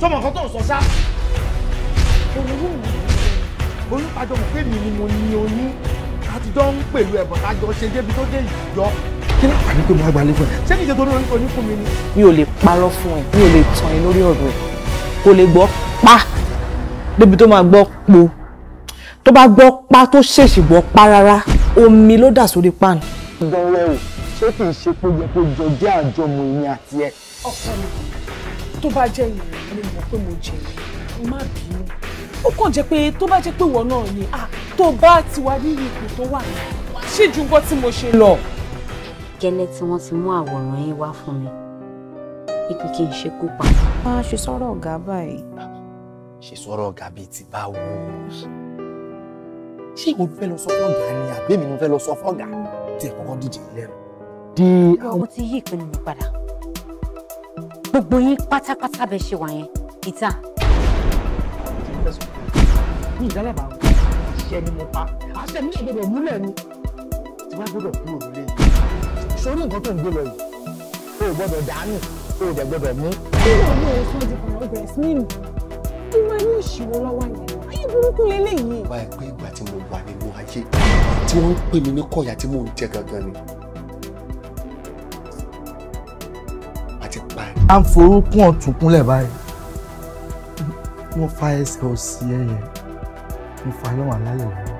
sọmọ nǹkan tó ń sọ ṣá. olùwùwù olùpàjọ mọ̀ pé mi ni mo ní oyún àtijọ́ ń pẹ̀lú ẹ̀bọ̀ tájọ ṣe débi tó dé ìjọ. kí ló pàdé pé mo wá gbalẹ̀ fún ẹ. ṣé kìí ṣe torí oyún fún mi ni. mi ò lè parọ́ fún ẹ mi ò lè tàn ẹ lórí ọ̀rọ̀ ẹ kò lè gbọ́ pa débi tó máa gbọ́ po tó bá gbọ́ pa tó ṣèṣì gbọ́ pa rárá omi ló dà sórí pan. gbọ́rọ̀ o ṣé kìí ṣe pé yẹ kó jọ jẹ́ àjọmọ̀ èmi àti ẹ. ọkọ mi tó bá jẹ́ ìyẹn ni mo pé mo O má bínú ó kàn jẹ́ pé tó bá jẹ́ pé ìwọ náà ni ah tó bá ti wà ní ipò tó wà ní ṣì ju nǹkan tí mo ṣe lọ. gẹ́lẹ́ tí wọ́n ti mú àwòrán yín wá fún mi ipe kí n ṣekú pa. má ṣe sọ̀rọ̀ ọ̀gá báyìí. ṣe sọ̀rọ̀ ọ̀gá bíi ti báwo ṣé ìwọ fẹ́ lọ sọ fọ́gà ni àbẹ́mi ni fẹ́ lọ sọ fọ́gà tí ẹ̀ kọ́kọ́ dìde lẹ́nu. di àwọn. mo ti yí ìpinnu mi padà gbogbo yín pátápátá bẹ ṣe wà yẹn ìta. ní ìdálẹ́bà àwọn iṣẹ́ ni mo pa àṣẹ mi náà gbọdọ̀ ni tí wọ́n gbọdọ̀ kúrò nílé sórí nǹkan tó ń gbé lọ yìí o ò gbọdọ̀ dànù o ò dẹ̀ gbọdọ̀ mú. kí ló ń bẹ̀rẹ̀ sọ́ọ́ di ọ̀rọ̀ bẹ̀rẹ̀ sí kí wọ́n ní ìṣòro lọ́wọ́ yẹn ayé burúkú lélẹ́yìn. wá pé ìgbà tí mo wà nínú ayé tí wọ́n ń pè mí ní kọ̀yà tí mò ń jẹ gangan ni. àti pa ẹ à ń forúkún ọ̀tún kúnlẹ̀ báyìí wọ́n fa ẹsẹ̀ òsì ẹ̀yẹ mo fa lọ́wọ́ alálẹ̀ wọ́n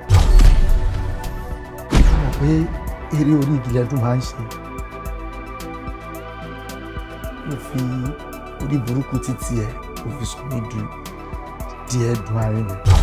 mọ̀ pé eré orí ìgìlẹ̀ dùn máa ń ṣe mo fi orí burúkú títí ẹ̀ mo fi sọ mí du díẹ̀ dùn arìnrìn.